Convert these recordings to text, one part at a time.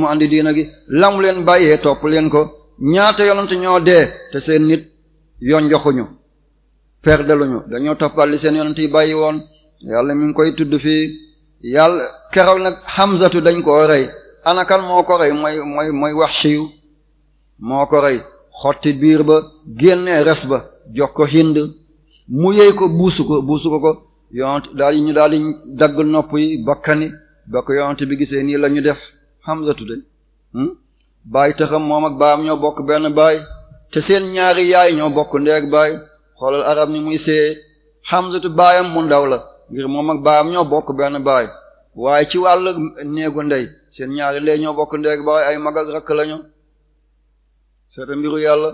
mu andi diina gi lamu leen bàyyee topp leen ko ñaata yonent ñoo dee te seen nit yoon joxuñu perdeluñu dañoo toppal li seen yonent yi bàyyi woon yàlla mi ngi koy tudd fii yàlla keroog na Hamzatu dañ koo rey anakan moo ko rey mooy mooy mooy Wahshiyu moo ko rey xotti biir ba génnee res ba jox ko Hind mu yey ko buusu ko buusu ko ko yonent daal ñu daal dagg nopp yi bakkani ba yonent bi gisee nii la ñu def Hamza tudde hmm? baay taxam moom ak baayam ñoo bokk benn baay te seen ñaari yaay ñoo bokk ndeeg baay xoolal arab ni muy see Hamzatu baayam mu ndaw la ngir moom ak baayam ñoo bokk benn baay waaye ci wàllu néegu ndey seen ñaari ndey ñoo bokk ndeeg baay ay mag ak rakk lañu seeta mbiru yàlla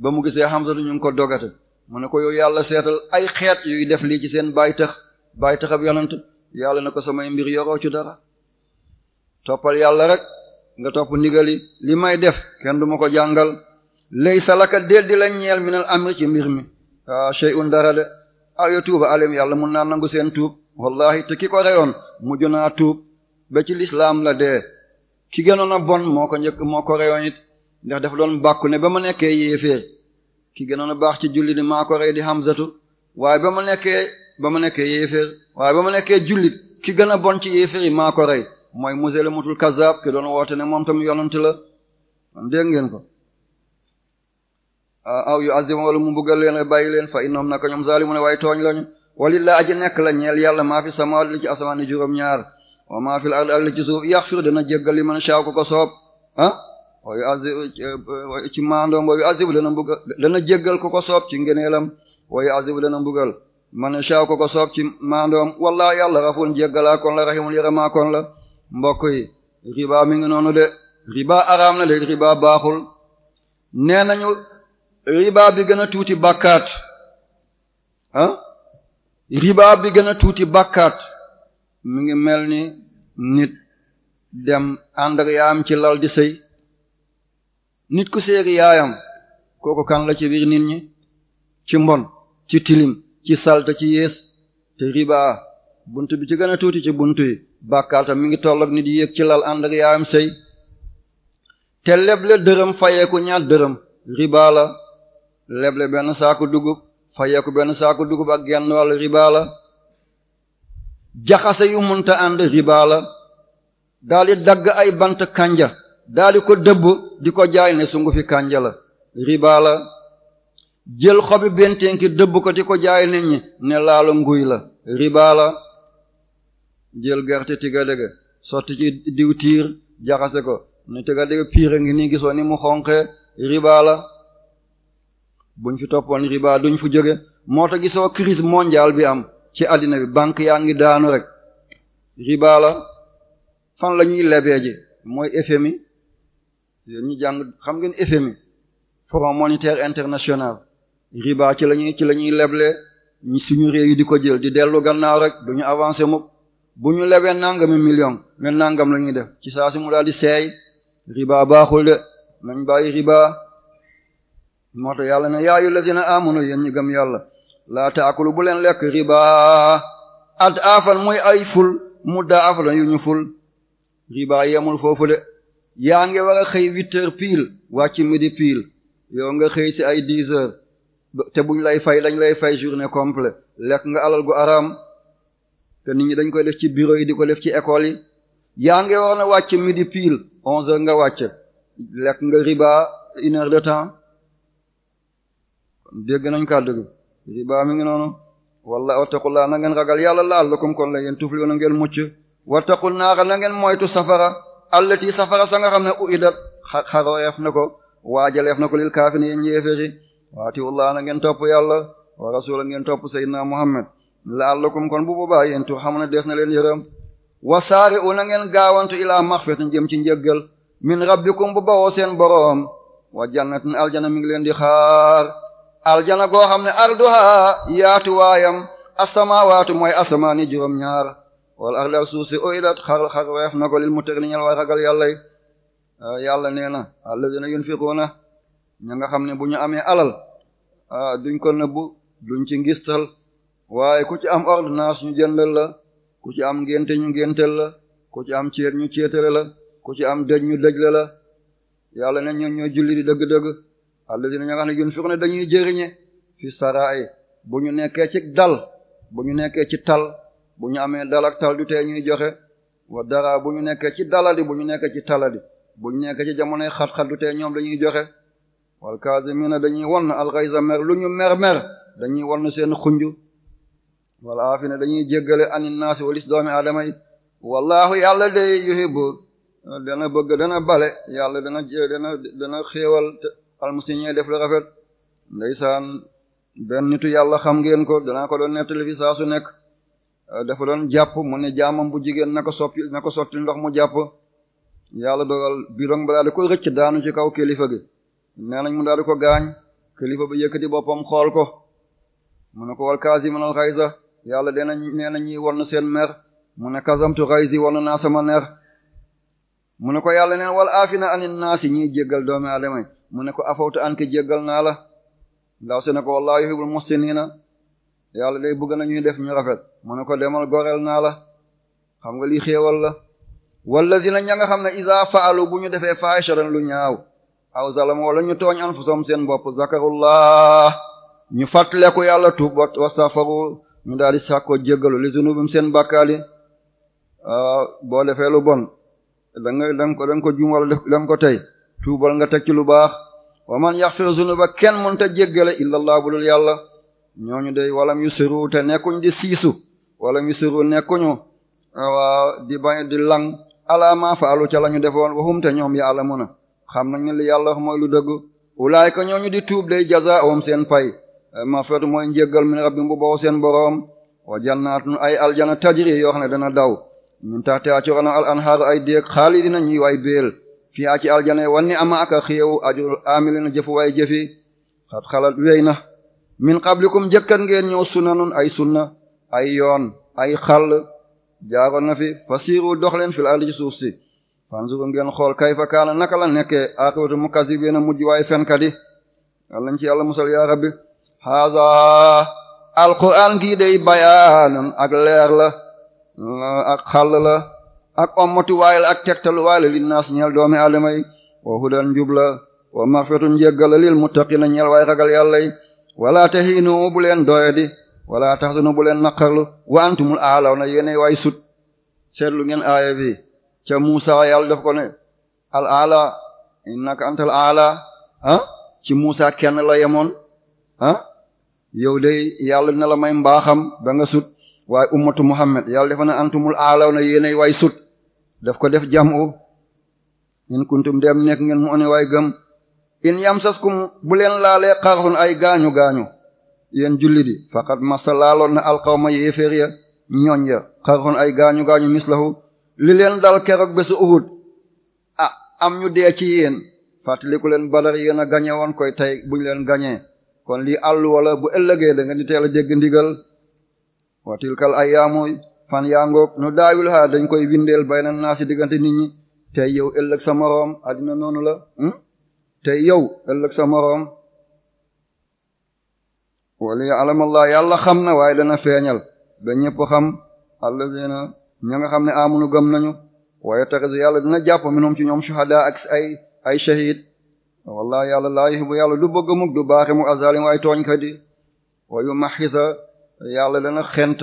ba mu gisee Hamzatu ñu ngi ko dogate mu ne ko yow yàlla seetal ay xeet yuy def lii ci seen baay tax baay taxab yonent yàlla na ko samay mbir yoroo ci dara toppal yàlla rek nga topp ndigali li may def kenn du ma ko jàngal lay salaka del di la ñeel minal amri ci mbir mi wa ah, shay'un dara de ayo ah, tuuba alim yàlla mun naa nangu seen tuub wallahi te ki ko reyoon mujj naa tuub ba ci lislaam la dee ki gënoon a bon moo ko njëkk moo ko reyoon it ndax dafa doon bàkku ne ba ma nekkee yéeféer ki gënoon a baax ci julli ni maa ko rey di Hamzatu waaye ba ma nekkee ba ma nekkee yéeféer waaye ba ma nekkee jullit ki gën a bon ci yéeféer maa ko rey mooy Musaylamatul Kazzab ki doon woote ne moom tam yonent la dégg ngeen ko ah, aw yu azima wala mu mbugal leen a bàyyi leen fa innoom naka ñoom zalimu ne waaye tooñ lañu walilaa aji nekk la ñeel yàlla maa fi li ci asamaan juróom-ñaar wa maa fi al ak li dana jéggal li man shaa ko ko soob ah wayu azib ci maandoom wayu azib dana mbugal dana jéggal ko ko soob ci ngeneelam wayu azib dana mbugal man shaa ko ko soob ci maandoom wallaa yàlla rafuun jéggalaa kon la mbokk yi riba mi ngi noonu de riba araam na de riba baaxul nee nañu riba bi gën a tuuti bàkkaat ah riba bi gën a tuuti bàkkaat mi ngi mel ni nit dem ànd ak yaayam ci lal di sëy nit ku séegi yaayam kooku kan la ci biir nit ñi ci mbon ci tilim ci salte ci yées te riba bunt bi ci gën a tuuti ci bunt yi bàkkaar tam mi ngi toll ak nit yéeg ci lal ànd ak yaayam sëy te leble dërëm fayeeku ñaar dërëm riba la leble benn saaku dugub fayeeku benn saaku dugub ak genn wàll riba la jaxase yu munta ànd riba la di dagg ay bant kànja daal di ko dëbb di ko jaay ne sungu fi la riba jël xobi bentenki dëbb ko di ko jaay nit ñi ne laalu nguy la riba la jël gerte tigale ga sotti ci diw tiir jaxase ko ne tigale ga piir ngi nii gisoo ni mu xonqe riba buñ fi toppoon riba duñ fu jóge moo tax gisoo crise mondial bi am ci àddina bi banque yaa ngi daanu rek riba fan la ñuy lebee ji mooy FMI ñu jàng xam ngeen FMI Fonds monétaire international riba ci lañuy ci la ñuy leble suñu yi di ko jël di dellu gannaaw rek duñu avancer mook bu ñu lebee nangami million ne nangam la ñuy def ci saa si mu daal di seey riba baaxul de nañ bàyyi riba moo tax yàlla ne yaayu lazina amanu yéen ñu gëm yàlla laa taakulu bu leen lekk riba at afan mooy ay ful mu daa afala yu ñu ful riba yemul foofu de yaa ngi war a xëy huit heures pile wàcc midi yow nga xëy si ay dix heures te buñ lay fay lañ lay fay journée complète lekk nga alal gu araam te nit ñi dañ koy def ci bureau yi di ko def ci école yi yaa ngi waroon a wàcc midi pile onze heures nga wàcc lekk nga riba une heure de temps dégg nañ kàddu gi riba mi ngi noonu walla wattaqullaa na ngeen ragal yàlla laal lakum kon la yéen tufli na ngeen mucc wattaqul naara na ngeen moytu safara allati safara sa nga xam ne uidat xarooyeef na ko waajaleef na ko lil kaafiriin yéen yéeféri waati wallaa na ngeen topp yàlla wa rasuula ngeen topp sayyidina Muhammad la la'allakum kon bu boobaa yéen tu xam na def na leen yërëm wa u na ngeen gaawantu ilaa maxfiratin jëm ci njëggal min rabbikum bu bawoo seen boroom wa jannatin aljana mi ngi leen di xaar aljana goo xam ne arduha yaatu waayam asamawaatu mooy asamaani juróom-ñaar wal ardi ak suuf si uidat xar xar weef na ko lil muttaqin way ragal yàlla ah, yàlla nee na allazina yunfiquna ña nga xam ne buñu amee alal ah, duñ ko nëbbu duñ ci ngistal waaye ku ci am ordonnance ñu jëndal la ku ci am ngénte ñu ngéntel la ku ci am ceet ñu ceetale la ku ci am dëj ñu dëjle la yàlla ne ñoom ñoo julli di dëgg-dëgg alladina ñoo xam ne yunfiquna dañuy jëriñe fi sarai bu ñu nekkee ci dal bu ñu nekkee ci tal bu ñu amee dal ak tal du tee ñuy joxe wa dara bu ñu nekkee ci daladi bu ñu nekkee ci taladi bu ñu nekkee ci jamonoy xat-xat du tee ñoom dañuy joxe wal kaazimina dañuy wonn alxaysa mer lu ñu mer mer dañuy won seen xunju wala afina dañuy jéggale anin naasi walis doomi aadama yi wallahu yàlla day dana bëgg dana bale yàlla dana dana dana xéewal almusiñee def lu rafet ndeysaan benn nitu yàlla xam ngeen ko danaa ko doon nettali fi saa su nekk dafa doon jàpp mu ne jaamam bu jigéen na ko soppi na ko sotti ndox mu jàpp yàlla dogal bidoŋ ba daal di ko rëcc daanu ci kaw kilifa gi nee nañ mu daal ko gaañ kilifa ba yëkkati boppam xool ko mu ne ko wal kaasiminal xaysa yàlla dena nee na ñuy won seen mer mu ne kasamtu raysi won naa sama ner mu ne ko yàlla neen wal afina anin naasi ñuy jéggal doomi aadama yi mu ne ko afawtu anka jéggal naa la ndaw si ne ko wallaahi yuhibbul muhsiniina yàlla day bëgg na ñuy def ñu rafet mu ne ko demal goreel naa la xam nga lii xéewal la wallazina ña nga xam ne iza faalu bu ñu defee faahishatan lu ñaaw aw zalam wala ñu tooñ anfusum seen bopp zakarullah ñu fàttaleku yàlla tuub wastaghfiru ñu daal di sàkkoo jéggalu li zunubum seen bàkkaar yi ah, boo defee bon da nga da ko da nga ko juum wala da ko tey tuubal nga teg ci lu baax wa man yaxfiru zunuba kenn mënta jéggale illa allah budul yàlla ñooñu day walam yu siru te nekkuñ di siisu walam yu siru nekkuñu waaw di di lang alaama faalu ca la ñu defoon waxum te ñoom yàlla mun a xam nañ ne li yàlla mooy lu dëgg ka ñooñu di tuub day jazaa'um seen pay mafeetu mooy njéggal min rabbim bu boo seen boroom wa jannaatun ay aljana tajri yoo xam ne dana daw min taxtea coronam al anhaaru ay déeg xaalidina ñuy way béel fii aa ci aljana wan ni ama ak a xéew ajul amilina jëfu way xat xalat wey na min qablikum jëkkat ngeen ñëw sunanun ay sunna ay yoon ay xàll jaaroon na fi fasiru dox leen fil ardi ci suuf si fanzuru ngeen xool kayfa kaana naka la nekkee aqibatu mukazzibina mujj waay fenkat yàlla musal ya haza alquran gi day bayaanan ak leer la ak xàll la ak ommoti waay la ak tegtalu waay la li naas doomi aadama wa hudan njubla wa maxfiratu njéggala lil muttaqina ñeel waay ragal yàlla yi wala tahinu bu leen doyadi wala tahzanu bu leen naqarlu wa antumul aalaw na yéene waay sut seetlu ngeen aaya bi ca Musa yàlla daf ko ne al aala innaka antal aala ah, ci Musa kenn la yemoon ah yow day yàlla dina la may mbaaxam ba nga sut waaye ummatu muhammad yàlla defa na antumul aalaw na yéenay waay sut daf ko def jamu in kuntum dem nekk ngeen mu one waay gëm in yamsaskum bu leen laalee xarxun ay gaañu gaañu yéen julli di faqat masa laaloon na alqawma yéeféer ya ñooñ ya xarxun ay gaañu gaañu mislahu li leen dal keroog bésu uhud ah am ñu dee ci yéen fàttaliku leen badar yéen a gañe woon koy tey buñ leen gañee kon lii àll wala bu ëllëgee da nga ni teel a dégg ndigal wa tilkal ayyaamu fan yaa ngoog nu daawil ha dañ koy windeel bay na naa si diggante nit ñi tey yow ëllëg sa moroom addina noonu la hmm? tey yow ëllëg sa moroom wala alamallah yàlla xam na waaye dana feeñal ba ñëpp xam allazina ña nga xam ne amunu gëm nañu waaye taxis yàlla dina jàpp minoom ci ñoom shuhada ay ay wallahi yàlla laa yuhibbu yàlla du bëgg mukk du baaxe mukk azalim waaye tooñkat yi wa yumahhisa yàlla dana xent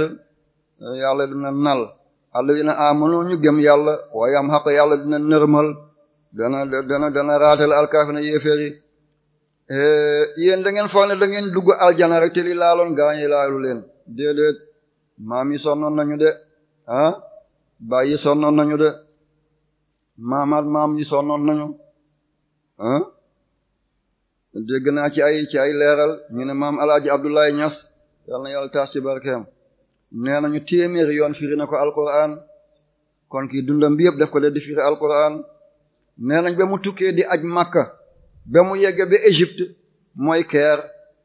yàlla dana nal alladina amanu ñu gëm yàlla wa yamhaq yàlla dina nërmal dana dana dana raatal alkaafina yéeféer yi eh, yéen da foog ne da dugg aljana rek te li laaloon gaañe laalu leen déedéet maam yi sonnoon nañu de ah baay yi sonnoon nañu de maamaat maam yi sonnoon nañu ah. dégg naa ci ay ci ay leeral ñu ne maam alaaji Abdoulaye Niass yal na yàlla taas ci barkeem nee nañu téeméeri yoon firi na ko alquran kon kii dundam bi yëpp def ko de di firi alquran nee nañ ba mu tukkee di aj Makka ba mu yegge ba Égypte mooy keer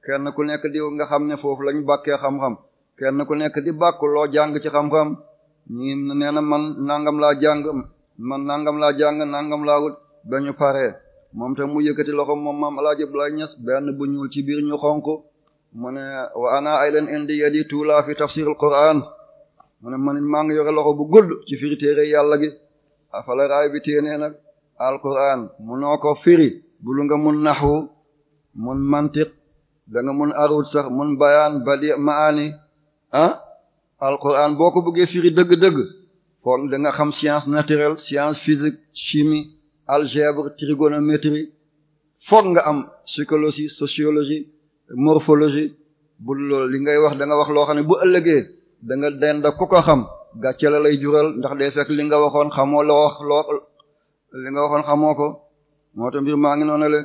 kenn ku nekk di nga xam ne foofu lañu bàkkee xam-xam kenn ku nekk di bàkku jàng ci xam-xam ñi nee na man nangam laa jàng man nangam laa jàng nangam laa wut ba ñu paree moom tam mu yëkkati loxo moom maam El Hadj Abdoulaye Niass benn bu ñuul ci biir ñu xonk mu ne wa ana ay leen indi yadi tuula fi tafsir al-Qur'an mu ne man maa ngi yore loxo bu gudd ci firi téere yàlla gi afala raay bi téenee nag al-Qur'an munoo ko fiiri bulu nga mun naxwu mun mantiq danga nga mun arut sax mun bayaan badi maani ah al-Qur'an boo ko bëggee firi dëgg-dëgg kon da nga xam science naturelle science physique chimie algèbre trigonométrie foog nga am psychologie sociologie morphologie bu loolu li ngay wax da nga wax loo xam ne bu ëllëgee da nga denda ku ko xam gàcce la lay jural ndax day fekk li nga waxoon xamoo loo wax loo li nga waxoon xamoo ko moo tax mbir maa ngi noonu la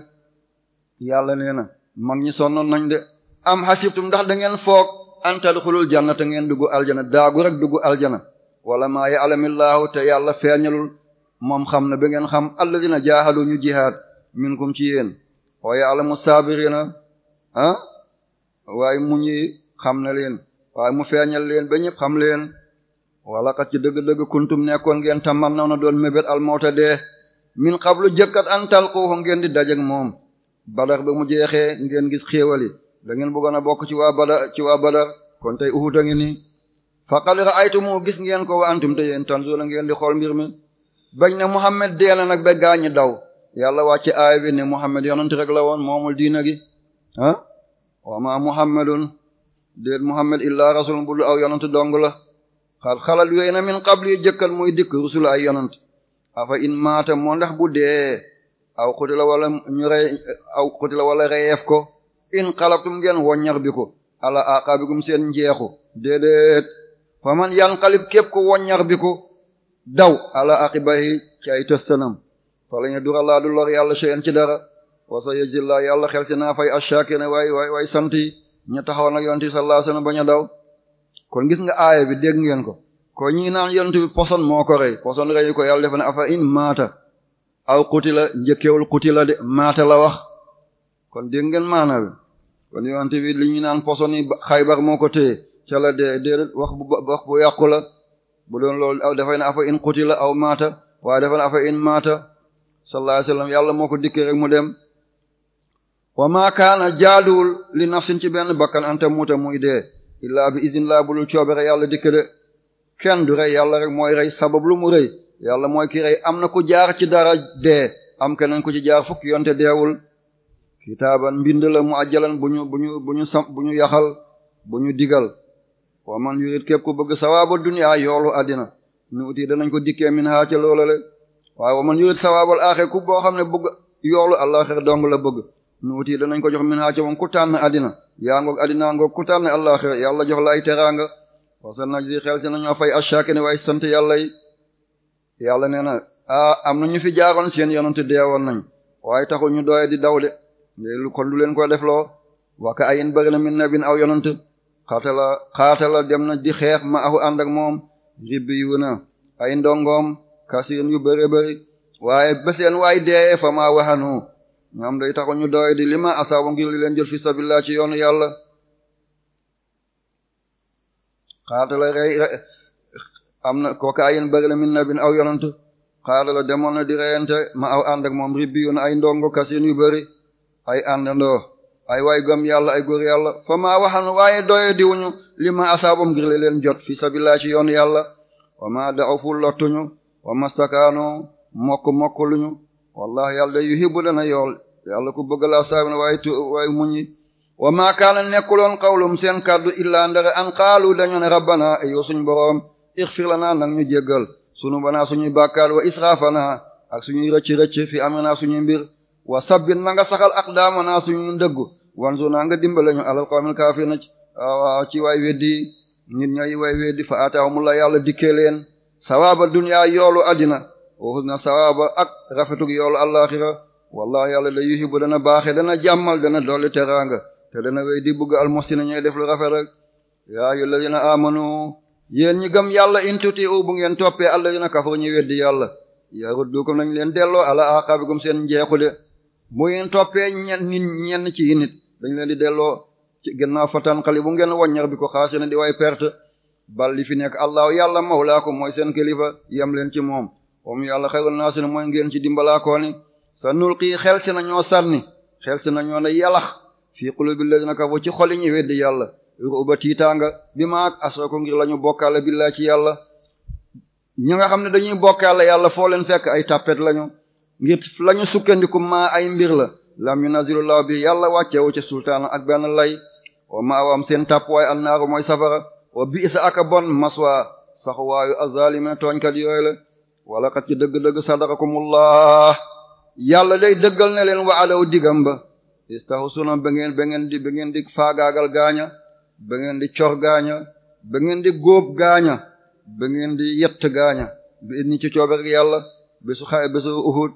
yàlla nee na mag ñi sonnoon nañ de am xasibtum ndax dangeen ngeen foog an tadxulul jannata ngeen dugg aljana daagu rek dugg aljana wala maa ya'lamillahu te yàlla feeñalul moom xam na ba ngeen xam alladina jaahalu ñu jihaad minkum ci yéen wa ya'lamu sabirina ah waaye mu ñi xam na leen waaye mu feeñal leen ba ñëpp xam leen wala kat ci dëgg-dëgg kuntum nekkoon ngeen tamman na na doon mébét al mawta dee min lu jëkkat an talquhu ngeen di dajeg moom badar ba mu jeexee ngeen gis xéewali da ngeen bëggoon a bokk ci waa badar ci waa badar kon tey uhud a ngi nii faqad ra'aytumu gis ngeen ko wa antum te yéen tanzuna ngeen di xool mbir mi bañ ne Muhammad dee na nag ba gaañi daw yàlla wàcce aaya bi ne Muhammad yonent rek la woon moomul diina gi wa ma Muhammadun déet Muhammad illaa rasulun bu aw yonent dong la xal xalal wéy na min qabli jëkkal muy dikk rusul ay yonent afa in maata moo bu dee aw xutila wala ñu rey aw xutila wala reyeef ko in xalabtum ngeen woññar bi ko ala aqaabikum seen njeexu déedéet fa man yanqalib képp ko woññar bi ko daw ala aqibahi ci ay tëstanam fa lañu dura laa du lor yàlla shay'an ci dara wa sa yajilla yàlla xel ci naa fay ashakina waay waay waay sant yi ñu taxaw nag yonent bi sallallahu alayhi wasallam bañ a daw kon gis nga aaya bi dégg ngeen ko ko ñi naan yonent bi poson moo ko rey poson reyu ko yàlla def ne afa in maata aw qutila njëkkewul qutila de maata la wax kon dégg ngeen maana bi kon yonent bi li ñu naan poson yi Xaybar moo ko téye ca la dee wax bu wax bu yàqu la bu doon loolu aw dafay ne afa in qutila aw maata waaye dafay ne afa in maata sallallahu alayhi wasallam yàlla moo ko dikkee rek mu dem wa maa kaana jaaduwul li nafsin ci benn bakkan ante muuta muy dee illaa bi izin laa bulul coobere yàlla dikke de kenn du rey yàlla rek mooy rey sabab lu mu rey yàlla mooy ki rey am na ku jaar ci dara dee am keneen ku ci jaar fukki yonte deewul kitaaban mbind la mu ajjalan bu ñu bu ñu bu ñu bu ñu yaxal bu ñu digal wa man yurid képp ku bëgg sawaaba dunya yoolu addina nuuti danañ ko dikkee min haa ca loolale waaye wa man yurid sawaabal aaxir ku boo xam ne bëgg yoolu allaaxir dong la bëgg nuuti danañ ko jox min haa ca moom ku tànn addina yaa ngoog addinaa ngoog ku tànn allaaxir yàlla jox la ay teraanga wasan naj si xel si nañoo fay ashaakini waaye sant yàlla yi yàlla nee na ah am na ñu fi jaaroon seen yonante deewoon nañ waaye taxul ñu dooye di daw ko defloo waka xaatala xaatala dem na di xeex ma ahu ànd moom ribbi yu na ay ndongoom kasirin yu bëri bëri waaye beseen waay dee fa maa waxanu ñoom day taxu ñu doy di lima asaabu ngir li leen jël fi ci yoonu yàlla xaatala rey am na kooka ayin bëri la min nabin aw yonant xaatala demoon di reyante ma aw ànd moom ribbi yu na ay ndongo kasirin yu bëri ay àndandoo ay waay gëm yàlla ay góor yàlla fa maa waxan waaye doy diwuñu li ma asaabam ngir leen jot fi sabilillah ci yoon yàlla wa ma da'ufu lottuñu wa mastakaano mokk mokk wallahi yàlla day yuhibbu dana yool yàlla ku bëgg laa saabina muñi wa maa nekkuloon qawlum seen kàddu illaa ndara an qaalu dañu ne rabbana ayo suñ boroom ixfir lanaa nag ñu jéggal sunu banaa suñuy bàkkaar wa israafanaa ak suñuy rëcc rëcc fi amrinaa suñuy mbir wa sabbin ma nga saxal aqdaamanaa suñuy ndëggu wanzuna nga dimbale ñu alal qawmil kaafirina ci waay weddi nit ñay waay weddi fa mu la yàlla dikkee leen sawaaba dunya yoolu addina wa husna sawaaba ak rafetug yoolu allaaxira wallahi yàlla la yuhibbu dana baaxe dana jàmmal dana dolli teraanga te dana wéy di bëgg almuhsina ñay def lu rafet rek yaa ayyuhal ladina amanu yéen ñi gëm yàlla intuti u bu ngeen toppee alladina kafaru ñu weddi yàlla yaruddukum nañ leen delloo ala aqabikum seen njeexu de bu ngeen toppee ci nit dañ leen di delloo ci gannaaw fataan xali bu ngeen waññar bi ko xaasina di way perte bal li fi nekk allahu yàlla mawlaakum mooy seen kilifa yem leen ci moom om yàlla naa naasina mooy ngeen ci dimbalaakooni sa nul xel si na ñoo sànni xel si na ñoo ne yalax fii qulubi ladina kafaru ci xoli ñi weddi yàlla ruba tiitaanga bi maag asoo ko ngir la ñu bokkaale billaa ci yàlla ñi nga xam ne dañuy bokkaale yàlla foo leen fekk ay tàppet lañu ngir lañu sukkandiku ay mbir la lam yunazilullahu bi yàlla wàccewu ci sultaan ak benn lay wa maawam seen tàppwaay annaaru mooy safara wa bi'sa aka bon maswa saxuwaayu azalimin tooñkat yooyu la wala kat ci dëgg-dëgg sadarakumullah yàlla day dëggal ne leen waadaw digam ba istahsuna ba ngeen ba ngeen di ba ngeen di faagaagal gaaña ba ngeen di cor gaaña ba ngeen di góob gaaña ba ngeen di yett gaaña bi ni ci yàlla bisu xay bisu uhud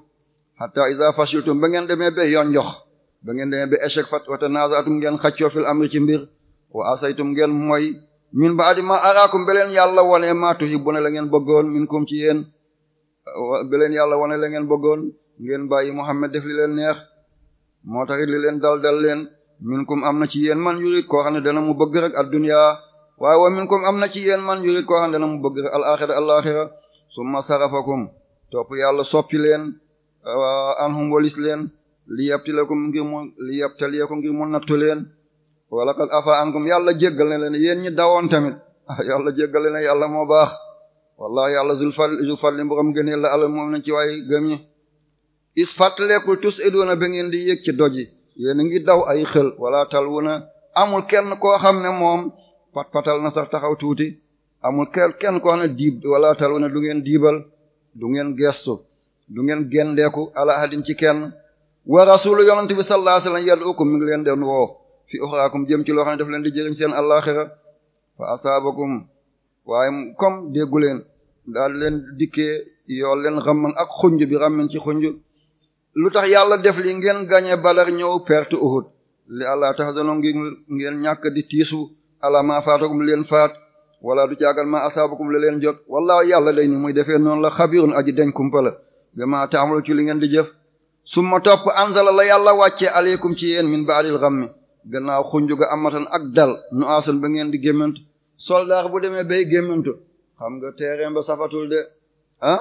hatta iza fashiltum ba ngeen demee ba yoon jox ba ngeen demee ba échec fat wa tanaza'tum ngeen xaccoo fil amri ci mbir wa asaytum ngeen mooy min ba'di ma araakum beleen yàlla wone ma tuhibbuna la ngeen bëggoon minkum ci yéen beleen yàlla wone la ngeen bëggoon ngeen bàyyi Muhammad def li leen neex moo taxit li leen dal dal leen minkum am na ci yéen man yurit koo xam ne dana mu bëgg rek a dunya waaye wa minkum am na ci yéen man yurit koo xam ne dana mu bëgg rek al-akhirah al-akhirah summa sarafakum topp anhum walis leen li yabtilakum ngir mu li yabtaliyakum ngi mu nattu leen wala qad afa ankum yàlla jéggal na leen yéen ñi dawoon tamit yàlla jéggal na leen yàlla moo baax wallahi yàlla zul fadl zul fadl borom gëneel la alal moom nañ ci waay gëm ñi is fàttalekul tus iduna ba ngeen di yëg ci doj yi yéen ngi daw ay xël wala talwuna amul kenn koo xam ne moom pat na sax taxaw tuuti amul kenn kenn koo xam ne diib wala talwuna du ngeen diibal du ngeen gestu du ngeen génn deeku ala ahadin ci kenn wa rasulu yonent bi sallallahu alayhi wasallam yad'ukum mi ngi leen den woo fi uxraakum jëm ci loo xam ne daf leen di jëriñ seen àllaxira fa asaabakum waaye comme déggu leen daal leen dikkee yoo leen ramman ak xunj bi ramman ci xunj lu tax yàlla def li ngeen gañe Badar ñëw perte Uhud li Allah tahzanu ngi ngeen ñàkk di tiisu ala ma faatakum li leen faat wala du caagal ma asaabakum li leen jot wallaahi yàlla day ni muy defee noonu la xabirun aji deñ kumpa bi ma taamalu li ngeen di jëf summa topp anzala la yàlla wàccee aleykum ci yéen min ba'dil ghammi gannaaw xunjuga amatan ak dal nu asan ba ngeen di gémmantu soldaar bu demee bay gémmantu xam nga terrain ba safatul de ah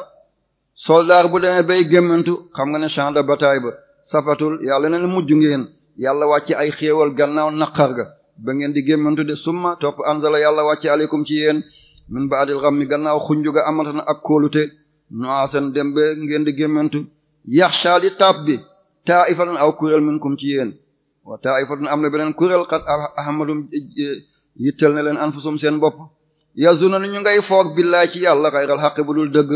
soldaar bu demee bay gémmantu xam nga ne champ de bataille ba safatul yàlla na mujj ngeen yàlla wàcce ay xéewal gannaaw naqar ga ba ngeen di gémmantu de summa topp anzala yàlla wàcce aleykum ci yéen min ba'dil ghammi gannaaw xunjuga amatan ak kóolute nu'aasan dem be ngeen di gémmantu yaxsha di taab bi taa'ifatan aw kuréel minkum ci yéen wa taa'ifatan am na beneen kuréel a ahmadum e, e, yittal na leen anfusum seen bopp yazuna ni ñu ngay foog billaay ci yàlla xayral xaq bu dul dëgg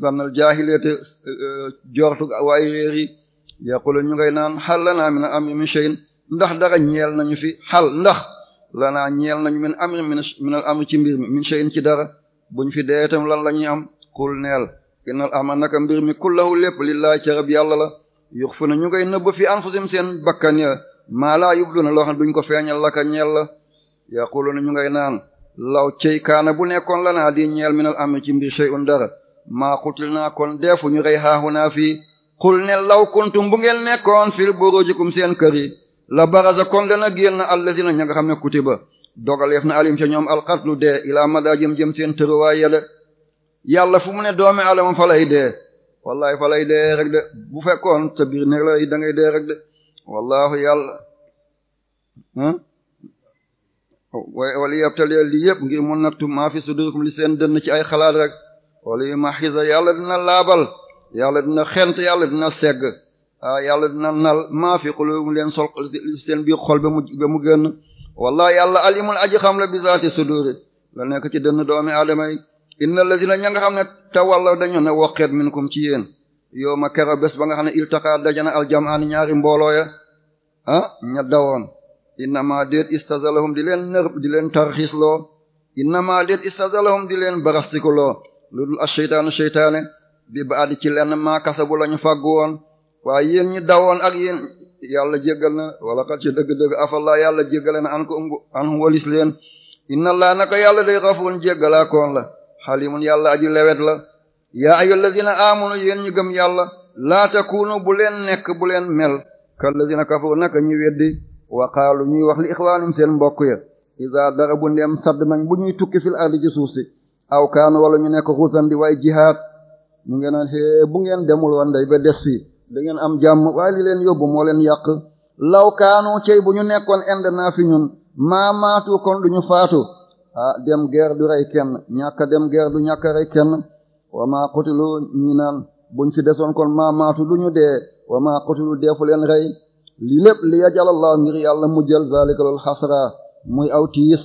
zannal jaahiliyata e, jortu waay réer yi yaqulu ñu ngay naan xal lanaa min amri min shay'in ndax dara ñeel nañu fi xal ndax lanaa ñeel nañu min amri min al amri ci mbir mi min shay'in ci dara buñ fi dee itam lan la ñuy am xul neel innal ama naka mbir mi kullahu lépp lillaay carab yàlla la yux fu na ñu ngay nëbb fi anfusim seen bakkan ya maa laa yubdu na loo xam duñ ko feeñal laka ñeel la yaqulu na ñu ngay naan law cey kaana bu nekkoon la naa di ñeel minal am ci mbir shay'un dara maa xutil naa kon deefu ñu rey xaaxu naa fii xul ne law kuntum bu ngeen nekkoon fil burujikum seen kër la baraza kon dana génn allazina ña nga xam ne kutiba dogaleef na alim ca ñoom alqatlu dee ilaa madaajim jëm yàlla fu mu ne doomi aadama fa lay dee wallahi fa lay dee rek de bu fekkoon sa biir néeg la da ngay dee rek de wallaahu yàlla waaye wala yabtali lii yëpp ngir mun nattu maa fi sudurikum li seen dënn ci ay xalaat rek wala yu yàlla dina laabal yàlla dina xent yàlla dina segg ah yàlla dina nal maa fi qulubikum leen sol seen biir xol ba mu ba mu génn wallaahi yàlla alimul aji xam la bizaati suduri la nekk ci dënn doomi aadama yi inna lazina ña nga xam ne tawalla dañu ne woqeet minkum ci yéen yow ma kero ba nga xam ne iltaqaa dajana aljamaani ñaari mbooloo ya ah ña dawoon innama déet istazalahum di leen nërb di leen tarxisloo innama déet istazalahum di leen barastikuloo lu dul asheytaanu sheytaane bi ba addi ci lenn maakasabu la ñu fàggu woon waaye yéen ñi dawoon ak yéen yàlla jéggal na wala xat ci dëgg-dëgg afalla yàlla jéggale na an ko an walis leen laa naka yàlla day rafuun jéggalaa la xalimun yàlla aju lewet la yaa ayu allazina amanu yéen ñu gëm yàlla laa takunu bu leen nekk bu leen mel kallazina kafaru naka ñi weddi wa qaalu ñuy wax li ixwaanim seen mbokk ya dara bu ndem sadd nañ bu ñuy tukki fil ardi ci suuf si aw kaanu wala ñu nekk xuusan di waaye jihaad ñu ngeen naan bu ngeen demul woon day ba des fii da ngeen am jàmm waaye li leen yóbbu moo leen yàq law kaanu cey bu ñu nekkoon ind naa fi ñun maamaatu kon du ñu faatu ah dem guerre du rey kenn ñàkk dem guerre du ñàkk rey kenn wa maa qutilu ñi naan buñ fi desoon kon maa maatu du ñu dee wa maa qutilu deefu leen rey li lépp li yajalallah ngir yàlla mu jël zalika lul xasra muy aw tiis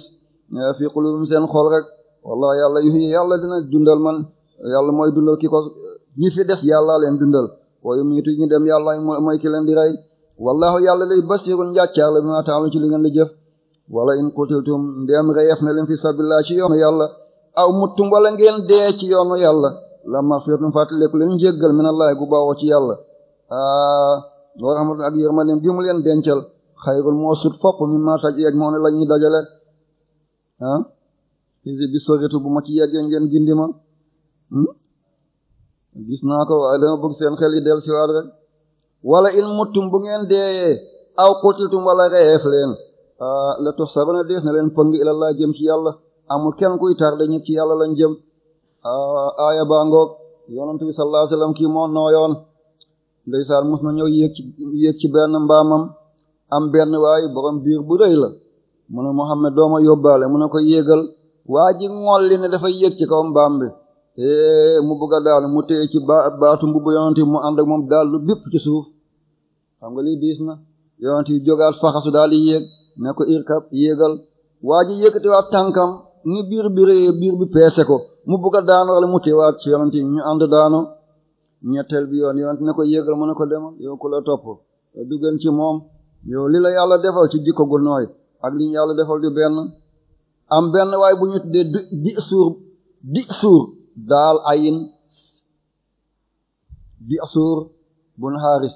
fi qulubum seen xol rek wallah yàlla yuhyi yàlla dina dundal man yàlla mooy dundal ki ko ñi fi des yàlla leen dundal wa yumiitu ñu dem yàlla mooy ki leen di rey wallahu yàlla lay basirun njàccaar la bi ma taalu ci li ngeen di jëf wala in qutiltum ndéem reyef na leen fi sabilillah ci yoonu yàlla aw muttum wala ngeen dee ci yoonu yàlla la maghfiratun fàttaleku leen njéggal minallahi gu bawoo ci yàlla aa wa rahmatun ak yërmandeem gi mu leen dencal xayrul moo sut fopp mi maataj yeeg moo ne la ñuy dajale ah fisi bi soretu bu ma ci yeggee ngeen gindi ma hmm? gis naa ko waaye dama bëgg seen xel yi si siwaat rek wala in muttum bu ngeen deeyee aw qutiltum wala reyeef leen Ah, la tux sabana dees na leen pëng ilallah jëm ci yàlla amul kenn kuy tardé ci yàlla lañ jëm ah, aaya baa ngoog yonent bi sallallahu alayhi wasallam kii moo nooyoon ndeysaan mos na ñëw yéeg yéeg ci benn mbaamam am benn waaye borom biir bu rëy la mu ne Muhammad dooma yóbbaale mu ne ko yéegal waa ji ngolli ne dafa yéeg ci kaw mbaam bi eh, mu bëgg a mu téye ci ba baatu mbubb yonent mu ànd moom daal lu bépp ci suuf xam nga lii diis na yonent yi jógaat faxasu daal di yéeg ne ko irkab yéegal waa ji yëkkatiwaat tànkam ni biir bi biir bi peese ko mu bugg a daanu mu teewaat ci yonent ñu ànd daanu ñetteel bi yoon yonent ne ko yéegal mu ne ko demal yow ku la topp du ci moom yow li la yàlla defal ci jikko gu nooy ak li yàlla defal di benn am benn waay bu ñu tuddee di suur di suur daal ayin di suur bun xaaris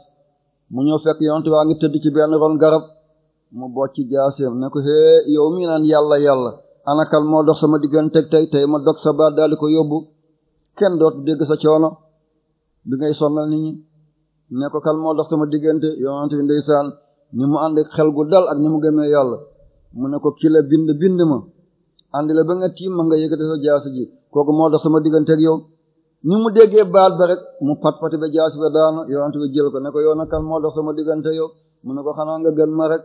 mu ñëw fekk yonent waa ngi tëdd ci benn ron garab mu bocci jaaseem ne ko hee yow mii naan yàlla yàlla kan moo dox sama digganteeg tey tey ma dog sa baat daal di ko yóbbu kenn dootu dégg sa coono bi ngay sonnal nit ñi ne ko kan moo dox sama diggante yonent bi ndeysaan ni mu ànd xel gu dal ak ni mu gëmee yàlla mu ne ko ki bind bind ma àndi la ba nga tiim ma nga yëkkate sa jaasi ji kooku moo dox sama digganteeg yow ni mu déggee baat ba rek mu pat pati ba jaasi ba daana yonent bi jël ko ne ko yow nakal moo sama diggante yow mu ne ko xanaa ma rek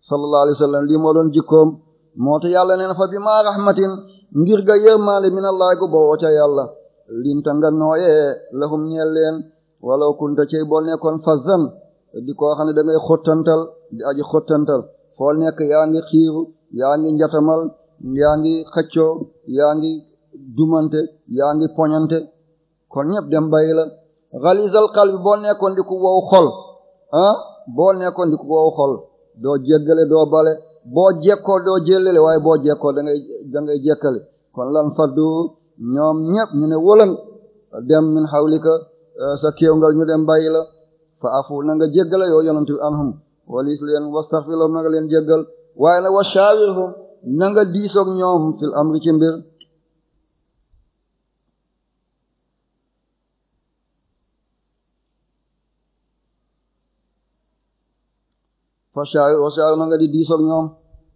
sallallahu alayhi wa sallam lii moo doon jikkoom moo te yàlla nee na fa ma rahmatin ngir ga yërmaande min allah gu bowoo ca yàlla linta nga nooyee lahum ñeel leen walaw kunta cey boo nekkoon fazan di koo xam ne da ngay di aji xottantal foo nekk yaa ngi xiiru yaa ngi njatamal yaa ngi xëccoo yaa ngi dumante yaa ngi poñante kon ñëpp dem bàyyi la ghalizal boo nekkoon di ku wow xol ah, boo nekkoon di ku wow xol doo jéggale doo bale boo jekkoo doo jéllale waaye boo jekkoo da ngay da ngay jekkale kon lan faddu ñoom ñëpp ñu ne wëlan dem min xawlika eh, sa kéwngal ñu dem bàyyi la fa afu na nga jéggale yoo yonent bi anhum walis leen wastaxfirlahum na nga leen jéggal waaye na wa shaawirhum na nga diisoog ñoom fil amri ci mbir fa shaari wa shaari na nga di diisoo ak ñoom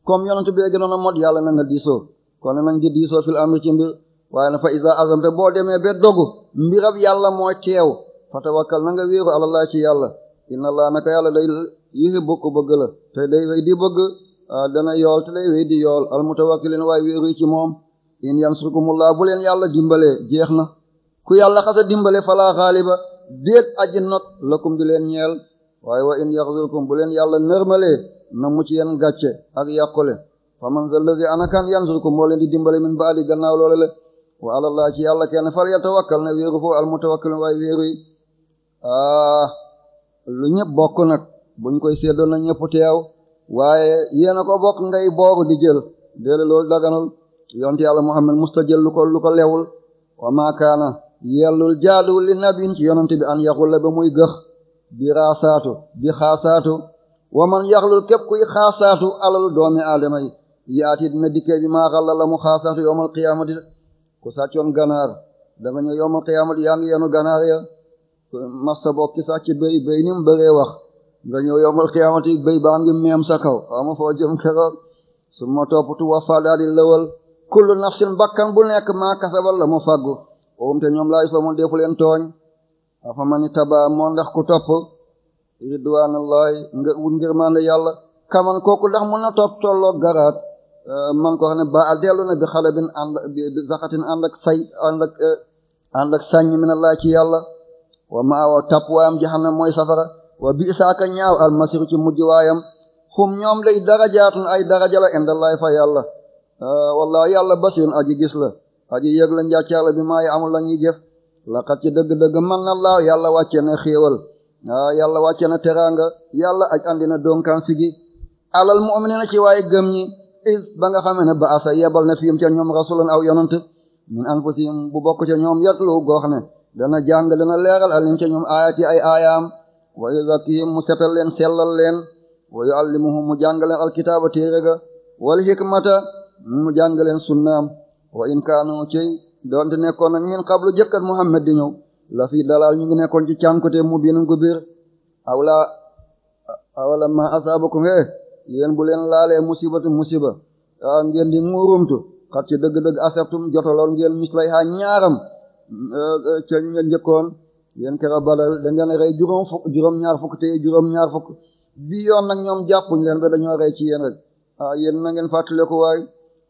comme yonent bi a mot yàlla na nga diisoo kon nañ di diisoo fil amri ci mbir waaye na fa isa azamte boo demee ba dogu mbirab yàlla mooy teew fa tawakkal na nga wéeru alalaa ci inna allah naka yàlla day yuhibbu ko bëgg la te day wéy di bëgg ah, dana yool te day wéy di yool al mutawakkilin waaye wéeru ci moom in yansurkumullah bu leen yàlla dimbalee jeex na ku yàlla xasa dimbale fala xaaliba déet aji not lakum di leen waaye wa in yaxzulkum bu leen yàlla nërmalee na mucc yeen gàcce ak yàqule faman zalladhi anakan yansurkum moo leen di dimbale min baadi gannaaw loole le wa alallah ci yàlla kenn fal yatawakkal ne wéeru foofu almutawakkil waaye wéeru yi ah lu ñëpp bokk nag buñ koy séddoo na ñëpp teew waaye yéen a ko bokk ngay booru di jël déedéet loolu daganul yonte yàlla Muhammad musta jël lu ko lu ko lewul wa maakaana yellul jaaduwul li nabiin ci yonante bi an yaxul la ba muy bi raasaatu bi xaasaatu wa man yaxlul képp kuy xaasaatu alalu doomi aadama yi yaati dina dikkee bi maa xalla la mu xaasaatu yowmal qiyaamati ku sàccoon ganaar da nga ñëw yowmal qiyaamati yaa ganaar ya massa bokk ki sàcc béy béy ni wax nga ñëw yowmal qiyaamati béy baa ngi meem sa kaw xawma foo jëm keroog su ma toppatu wafa daal di kullu nafsin bakkan bu nekk maa kasabal la mu fàggu oom te ñoom laay soo mu defu tooñ afa man taba moo ndax ku topp ridwanallahi nga wut ngërmaande yàlla kaman kooku ndax mun na topp tolloog garaat euh, man ko xam ne ba a na bi xale bin ànd bi zaxatin ànd ak say ànd ak euh, ànd ak sàññ min allah ci yàlla wa ma wa tapp waayam jahannam mooy safara wa bi isaaka ñaaw almasiru ci mujj waayam xum ñoom day darajaatun ay daraja la indallahi fa yàlla euh, wallahi yàlla basirun aji gis la aji yëg la njàccaala bi maayi amul la ñuy jëf laqad ci dëgg-dëgg man na laaw yàlla wàccee na xéewal waaw ah, yàlla wàccee na teraanga yàlla aj andi na donkaan si gi alal mu'minina ci waaye gëm ñi is ba nga xamee ne ba asa yebal na fiim ca ñoom rasulun aw yonant min anfusihim bu bokk ca ñoom yatlu goox ne dana jàng dana leeral alim ca ñoom ayati ay aayaam wa yuzakkihim mu setal leen sellal leen wa yuallimuhum mu jàng leen alkitaaba téere ga wal hikmata mu jàng leen sunnaam wa in ci donte nekkoon nañ min qablu jëkkat Muhammad di ñëw la fii dalaal ñu ngi nekkoon ci cànkute mu biinu gu biir awla awla ma asaabakum he eh, yéen bu leen laalee musibatu musiba a ah, ngeen di nguurumtu xat ci dëgg-dëgg asabtum jotaloon ngeen mislay ha ñaaram eh, ca ngeen njëkkoon yéen kera badal da ngeen rey juróom fukk juróom-ñaar fukk te juróom fukk bi yoon nag ñoom jàppuñ leen ba dañoo rey ci yéen rek a ah, yéen na ngeen fàttaleku waay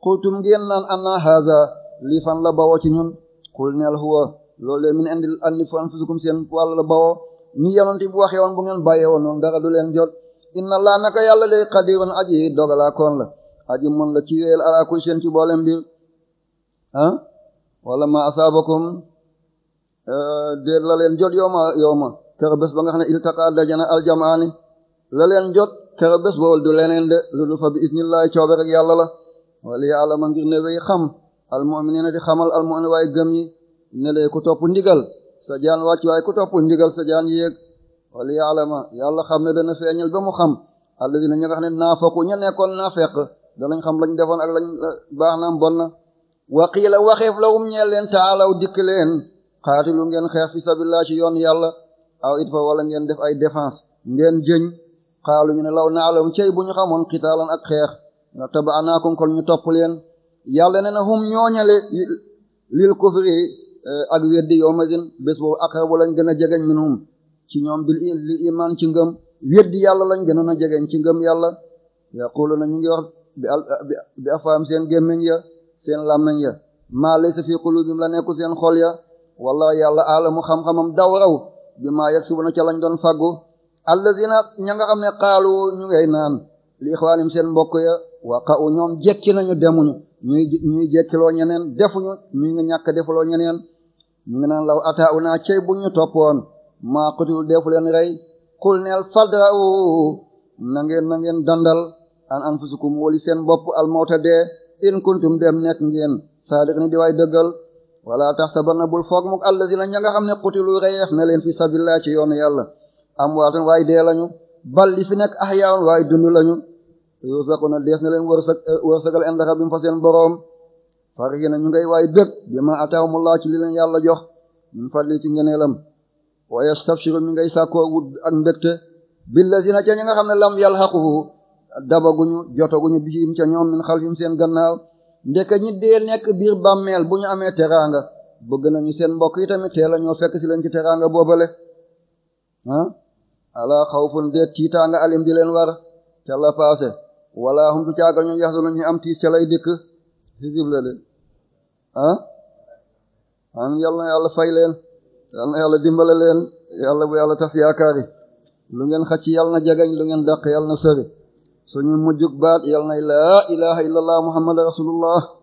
xultum ngeen naan anna haza lii fan la bawoo ci ñun xul neel huwa loolu leen min indi andi fan fusukum seen wàll la bawoo ni yonent bi waxee woon bu ngeen bàyyee woon noonu du leen jot inna laa naka yàlla de qadirun aji dogalaa koon la aji mën la ci yeel ala ku seen ci boole mbir ah? ma asaabakum eh, déet la leen jot yow ma yow ma kër ba nga xam ne iltaqa dajana aljamaani la leen jot kër bés boobu du leneen de lu dul fa bi isnillahi coobe rek yàlla la wala yàlla ma ne way xam almu'minina di xamal almu'min waaye gëm ñi ne lee ku topp ndigal sa jaan wàcc waaye ku topp ndigal sa jaan yéeg wala yaalama yàlla xam ne dana feeñal ba mu xam alladina ñi nga xam ne naafaqu ña nekkoon naafeq danañ xam lañ defoon ak lañ baax na bon na waqiila waxeef lawum ñeel leen taalaw dikk leen xaatilu ngeen xeex fi sabilillah ci yoon yàlla aw it fa wala ngeen def ay défense ngeen jëñ xaalu ñu ne law naalam cey bu ñu xamoon xitaalan ak xeex na tabaanaakum kon ñu topp leen yàlla nee na hum ñooñale lil kufri eh, ak weddi yawmazin bés boobu aqrabu lañ gën a jegeñ minhum ci ñoom bil li iman ci ngëm weddi yàlla lañ gënoon na jegeñ ci ngëm yàlla na ñu ngi wax bi afaam seen gémmiñ ya seen làmmiñ ya maa laysa fi qulubihim la nekku seen xol ya wala yàlla aalamu xam-xamam daw raw bi maa yaksubuna ca lañ doon faggu allazina ña nga xam ne qaalu ñu ngay naan li ixwaanim seen mbokk ya waqa u ñoom jekki nañu demuñu ñuy ñuy jekkiloo ñeneen defuñu ñu ngi ñàkk defuloo ñeneen mu ngi naan law ata u naa cey bu ñu toppoon maa xutilu defu leen rey xul neel fadra u na ngeen na ngeen dandal an anfusukum wali seen bopp almawta dee in kuntum dem nekk ngeen saadiq ni di waay dëggal wala tahsabanna bul foog muk allazina ña nga xam ne qutilu reyeef na leen fi sabilillah ci yoonu yàlla am waatan waaye dee lañu bal li fi nekk ahyaun waaye dund lañu na dees na leen war war eh, wërsëgal inda rabbim fa seen boroom farihina ñu ngay waay bég bima ataahumullah ci li leen yàlla jox min fadli ci ngeneelam wa yastabshiru mi ngay sàkkoo wut ak mbégte billazina ca ñi nga xam ne lam yàlla yalhaquhu dabaguñu jotaguñu bihim ca ñoom min xalfim seen gannaaw ndeke ñi dee nekk biir bàmmeel bu ñu amee teraanga bëgg nañu seen mbokk yi tamit teel ñoo fekk si leen ci teraanga boobale ah ala xawfun de tiitaanga di leen war ca la wala hum du caaga ñoom yax duna ñu am tiis ca lay dëkk hisib la leen ah am yàlla na yàlla fay leen yàlla na yàlla dimbale leen yàlla bu yàlla tas yaakaar yi lu ngeen xacc yàlla na jagañ lu ngeen dàq yàlla na sori suñu mujjug baat yàlla na laa ilaha illallah muhammad rasulullah